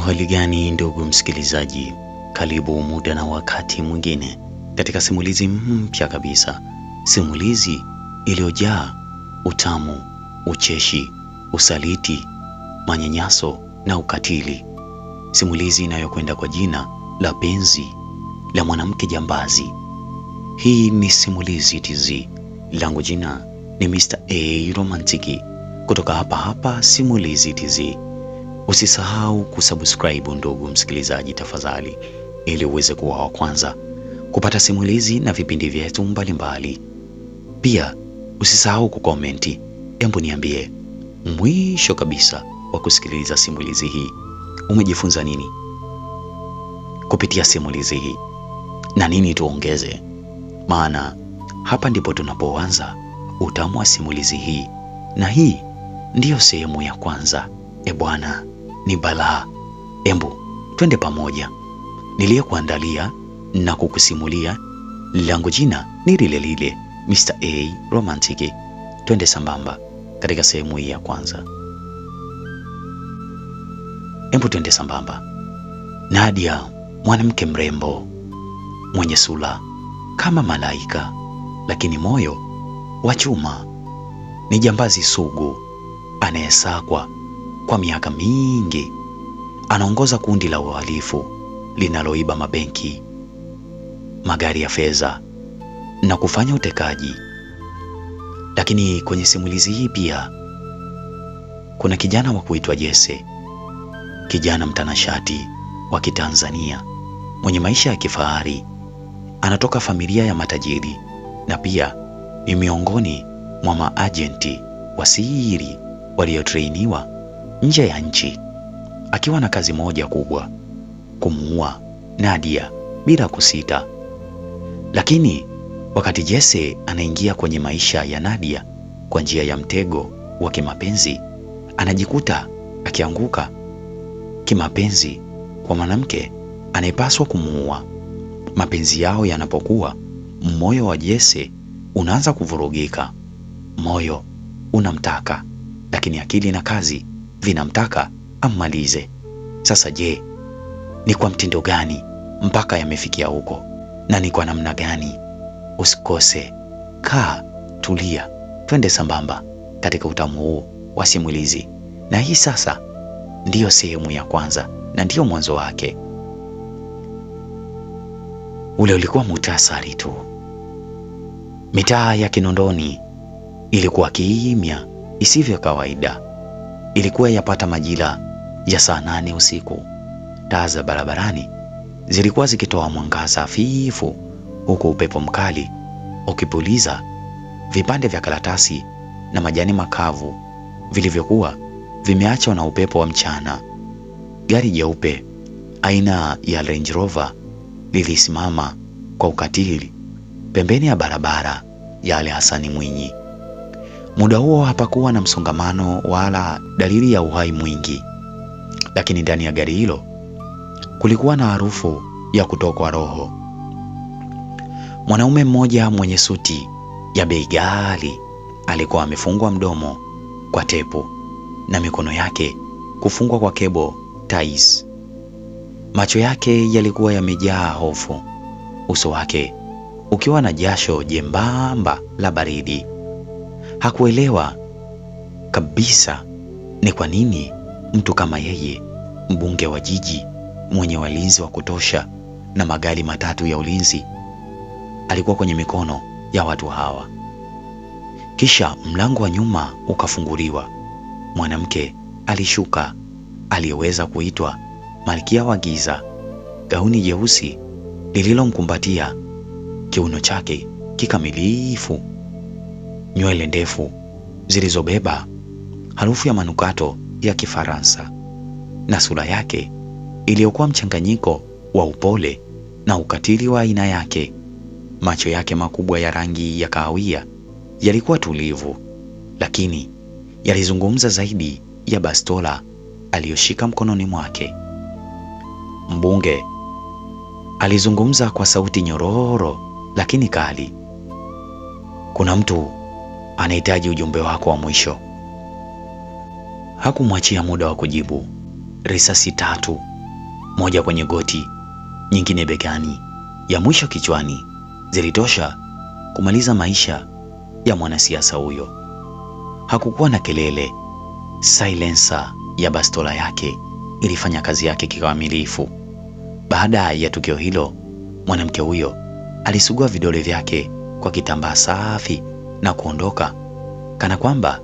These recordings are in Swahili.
Hali gani ndugu msikilizaji, karibu muda na wakati mwingine katika simulizi mpya kabisa, simulizi iliyojaa utamu, ucheshi, usaliti, manyanyaso na ukatili, simulizi inayokwenda kwa jina la Penzi la Mwanamke Jambazi. Hii ni Simulizi Tz, langu jina ni Mr. A Romantiki, kutoka hapa hapa Simulizi Tz. Usisahau kusubscribe ndugu msikilizaji, tafadhali, ili uweze kuwa wa kwanza kupata simulizi na vipindi vyetu mbalimbali. Pia usisahau kukomenti, embu niambie mwisho kabisa wa kusikiliza simulizi hii umejifunza nini kupitia simulizi hii na nini tuongeze, maana hapa ndipo tunapoanza utamu wa simulizi hii, na hii ndiyo sehemu ya kwanza. E bwana ni balaa. Embu twende pamoja, niliyekuandalia na kukusimulia, langu jina ni lile lile, Mr. A Romantic. Twende sambamba katika sehemu hii ya kwanza. Embu twende sambamba. Nadia, mwanamke mrembo mwenye sura kama malaika, lakini moyo wa chuma, ni jambazi sugu anayesakwa kwa miaka mingi. Anaongoza kundi la uhalifu linaloiba mabenki, magari ya fedha na kufanya utekaji. Lakini kwenye simulizi hii pia kuna kijana wa kuitwa Jesse, kijana mtanashati wa Kitanzania mwenye maisha ya kifahari. Anatoka familia ya matajiri na pia ni miongoni mwa maajenti siri waliotrainiwa nje ya nchi akiwa na kazi moja kubwa, kumuua Nadia bila kusita. Lakini wakati Jesse anaingia kwenye maisha ya Nadia kwa njia ya mtego wa kimapenzi, anajikuta akianguka kimapenzi kwa mwanamke anayepaswa kumuua. Mapenzi yao yanapokuwa, moyo wa Jesse unaanza kuvurugika. Moyo unamtaka, lakini akili na kazi vinamtaka ammalize. Sasa je, ni kwa mtindo gani mpaka yamefikia huko na ni kwa namna gani? Usikose, kaa, tulia, twende sambamba katika utamu huu wa simulizi, na hii sasa ndiyo sehemu ya kwanza na ndiyo mwanzo wake. Ule ulikuwa muhtasari tu. Mitaa ya Kinondoni ilikuwa kimya isivyo kawaida. Ilikuwa yapata majira ya saa nane usiku. Taa za barabarani zilikuwa zikitoa mwangaza hafifu, huku upepo mkali ukipuliza vipande vya karatasi na majani makavu vilivyokuwa vimeachwa na upepo wa mchana. Gari jeupe aina ya Range Rover lilisimama kwa ukatili pembeni ya barabara ya Ali Hassan Mwinyi. Muda huo hapakuwa na msongamano wala dalili ya uhai mwingi, lakini ndani ya gari hilo kulikuwa na harufu ya kutokwa roho. Mwanaume mmoja mwenye suti ya bei ghali alikuwa amefungwa mdomo kwa tepu na mikono yake kufungwa kwa kebo ties. Macho yake yalikuwa yamejaa hofu, uso wake ukiwa na jasho jembamba la baridi. Hakuelewa kabisa ni kwa nini mtu kama yeye, mbunge wa jiji mwenye walinzi wa kutosha na magari matatu ya ulinzi, alikuwa kwenye mikono ya watu hawa. Kisha mlango wa nyuma ukafunguliwa. Mwanamke alishuka aliyeweza kuitwa Malkia wa Giza, gauni jeusi lililomkumbatia kiuno chake kikamilifu nywele ndefu zilizobeba harufu ya manukato ya Kifaransa na sura yake iliyokuwa mchanganyiko wa upole na ukatili wa aina yake. Macho yake makubwa ya rangi ya kahawia yalikuwa tulivu, lakini yalizungumza zaidi ya bastola aliyoshika mkononi mwake. Mbunge alizungumza kwa sauti nyororo lakini kali. Kuna mtu anahitaji ujumbe wako wa mwisho. Hakumwachia muda wa kujibu. Risasi tatu, moja kwenye goti, nyingine begani, ya mwisho kichwani, zilitosha kumaliza maisha ya mwanasiasa huyo. Hakukuwa na kelele. Silencer ya bastola yake ilifanya kazi yake kikamilifu. Baada ya tukio hilo, mwanamke huyo alisugua vidole vyake kwa kitambaa safi na kuondoka kana kwamba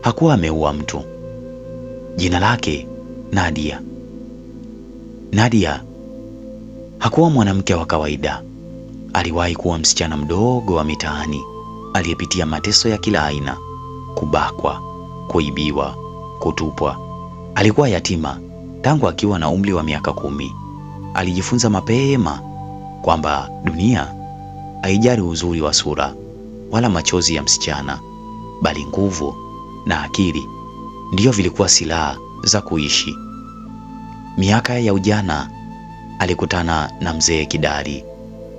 hakuwa ameua mtu. Jina lake Nadia. Nadia hakuwa mwanamke wa kawaida. Aliwahi kuwa msichana mdogo wa mitaani aliyepitia mateso ya kila aina: kubakwa, kuibiwa, kutupwa. Alikuwa yatima tangu akiwa na umri wa miaka kumi. Alijifunza mapema kwamba dunia haijali uzuri wa sura, wala machozi ya msichana, bali nguvu na akili ndiyo vilikuwa silaha za kuishi. Miaka ya ujana alikutana na mzee Kidali,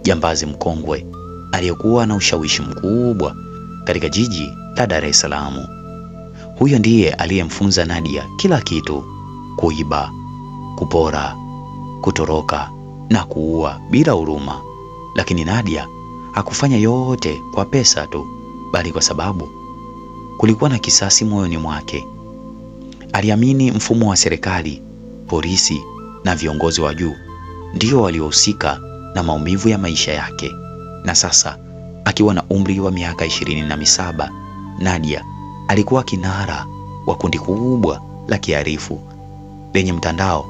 jambazi mkongwe aliyekuwa na ushawishi mkubwa katika jiji la Dar es Salaam. Huyo ndiye aliyemfunza Nadia kila kitu: kuiba, kupora, kutoroka na kuua bila huruma. Lakini Nadia Hakufanya yote kwa pesa tu, bali kwa sababu kulikuwa na kisasi moyoni mwake. Aliamini mfumo wa serikali, polisi na viongozi wa juu ndio waliohusika na maumivu ya maisha yake. Na sasa akiwa na umri wa miaka ishirini na misaba, Nadia alikuwa kinara wa kundi kubwa la kiharifu lenye mtandao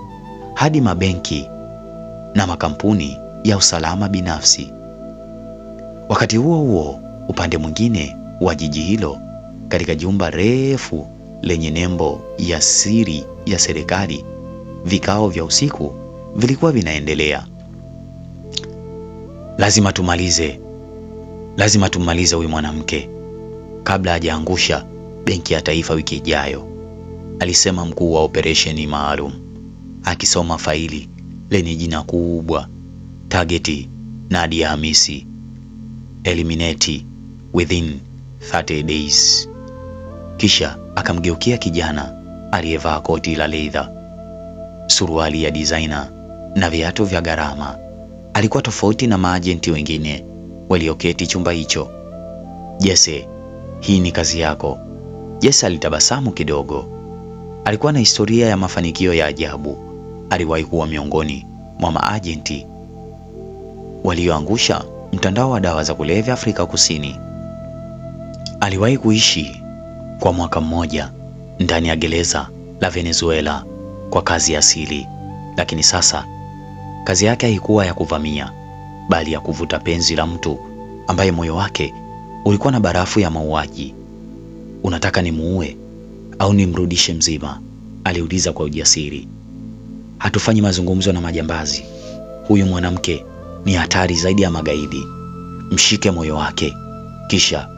hadi mabenki na makampuni ya usalama binafsi. Wakati huo huo, upande mwingine wa jiji hilo, katika jumba refu lenye nembo ya siri ya serikali, vikao vya usiku vilikuwa vinaendelea. Lazima tumalize, lazima tumalize huyu mwanamke kabla hajaangusha benki ya taifa wiki ijayo, alisema mkuu wa operesheni maalum akisoma faili lenye jina kubwa, tageti Nadia Hamisi eliminate within 30 days. Kisha akamgeukia kijana aliyevaa koti la leather, suruali ya designer na viatu vya gharama. Alikuwa tofauti na maajenti wengine walioketi chumba hicho. Jesse, hii ni kazi yako. Jesse alitabasamu kidogo. Alikuwa na historia ya mafanikio ya ajabu. Aliwahi kuwa miongoni mwa maajenti walioangusha mtandao wa dawa za kulevya Afrika Kusini. Aliwahi kuishi kwa mwaka mmoja ndani ya gereza la Venezuela kwa kazi ya asili, lakini sasa kazi yake haikuwa ya kuvamia, bali ya kuvuta penzi la mtu ambaye moyo wake ulikuwa na barafu ya mauaji. Unataka nimuue au nimrudishe mzima? aliuliza kwa ujasiri. Hatufanyi mazungumzo na majambazi, huyu mwanamke ni hatari zaidi ya magaidi. Mshike moyo wake, kisha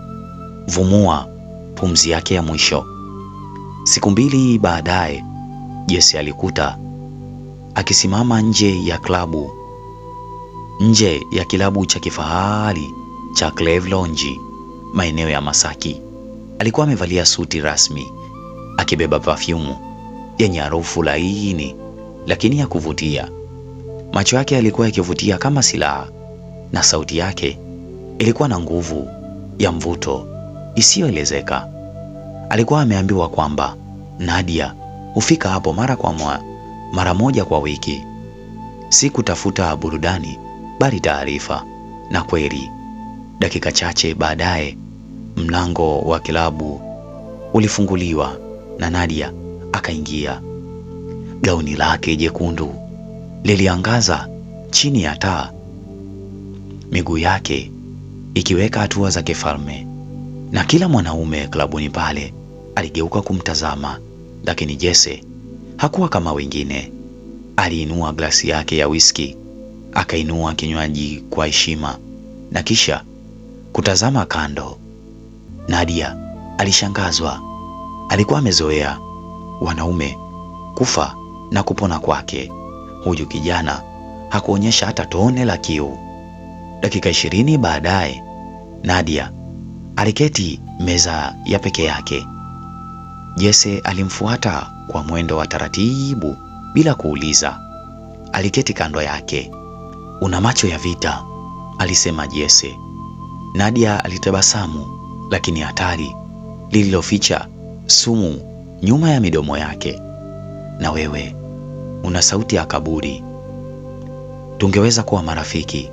vumua pumzi yake ya mwisho. Siku mbili baadaye, Jesse alikuta akisimama nje ya klabu nje ya kilabu cha kifahari cha Cleve Lounge maeneo ya Masaki. Alikuwa amevalia suti rasmi akibeba pafyumu yenye harufu laini lakini ya kuvutia Macho yake yalikuwa yakivutia kama silaha, na sauti yake ilikuwa na nguvu ya mvuto isiyoelezeka. Alikuwa ameambiwa kwamba Nadia hufika hapo mara kwa mwa, mara moja kwa wiki, si kutafuta burudani, bali taarifa. Na kweli, dakika chache baadaye mlango wa kilabu ulifunguliwa na Nadia akaingia, gauni lake jekundu liliangaza chini ya taa, miguu yake ikiweka hatua za kifalme, na kila mwanaume klabuni pale aligeuka kumtazama, lakini Jesse hakuwa kama wengine. Aliinua glasi yake ya whisky, akainua kinywaji kwa heshima na kisha kutazama kando. Nadia alishangazwa. Alikuwa amezoea wanaume kufa na kupona kwake huyu kijana hakuonyesha hata tone la kiu. Dakika ishirini baadaye Nadia aliketi meza ya peke yake. Jesse alimfuata kwa mwendo wa taratibu bila kuuliza. Aliketi kando yake. Una macho ya vita, alisema Jesse. Nadia alitabasamu, lakini hatari lililoficha sumu nyuma ya midomo yake. Na wewe una sauti ya kaburi. Tungeweza kuwa marafiki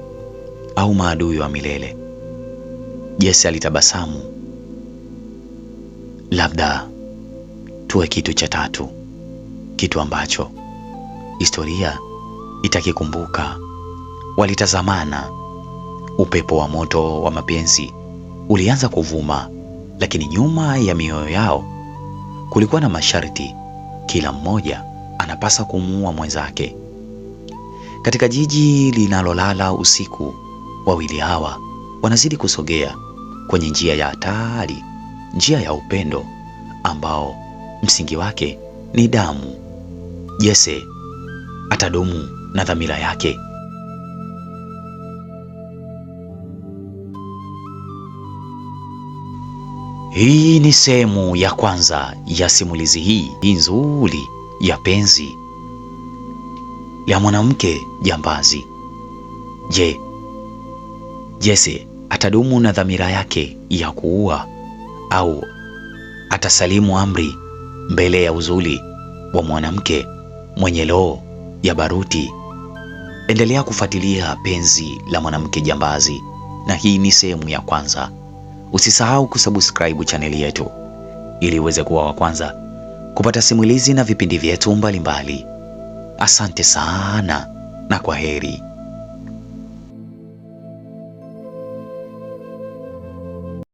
au maadui wa milele. Jesse alitabasamu. Labda tuwe kitu cha tatu, kitu ambacho historia itakikumbuka. Walitazamana. Upepo wa moto wa mapenzi ulianza kuvuma, lakini nyuma ya mioyo yao kulikuwa na masharti, kila mmoja anapasa kumuua mwenzake. Katika jiji linalolala usiku, wawili hawa wanazidi kusogea kwenye njia ya hatari, njia ya upendo ambao msingi wake ni damu. Jesse atadumu na dhamira yake. Hii ni sehemu ya kwanza ya simulizi hii nzuri ya penzi la mwanamke jambazi. Je, Jesse atadumu na dhamira yake ya kuua au atasalimu amri mbele ya uzuri wa mwanamke mwenye roho ya baruti? Endelea kufuatilia penzi la mwanamke jambazi, na hii ni sehemu ya kwanza. Usisahau kusubscribe chaneli yetu ili uweze kuwa wa kwanza kupata simulizi na vipindi vyetu mbalimbali. Asante sana na kwa heri.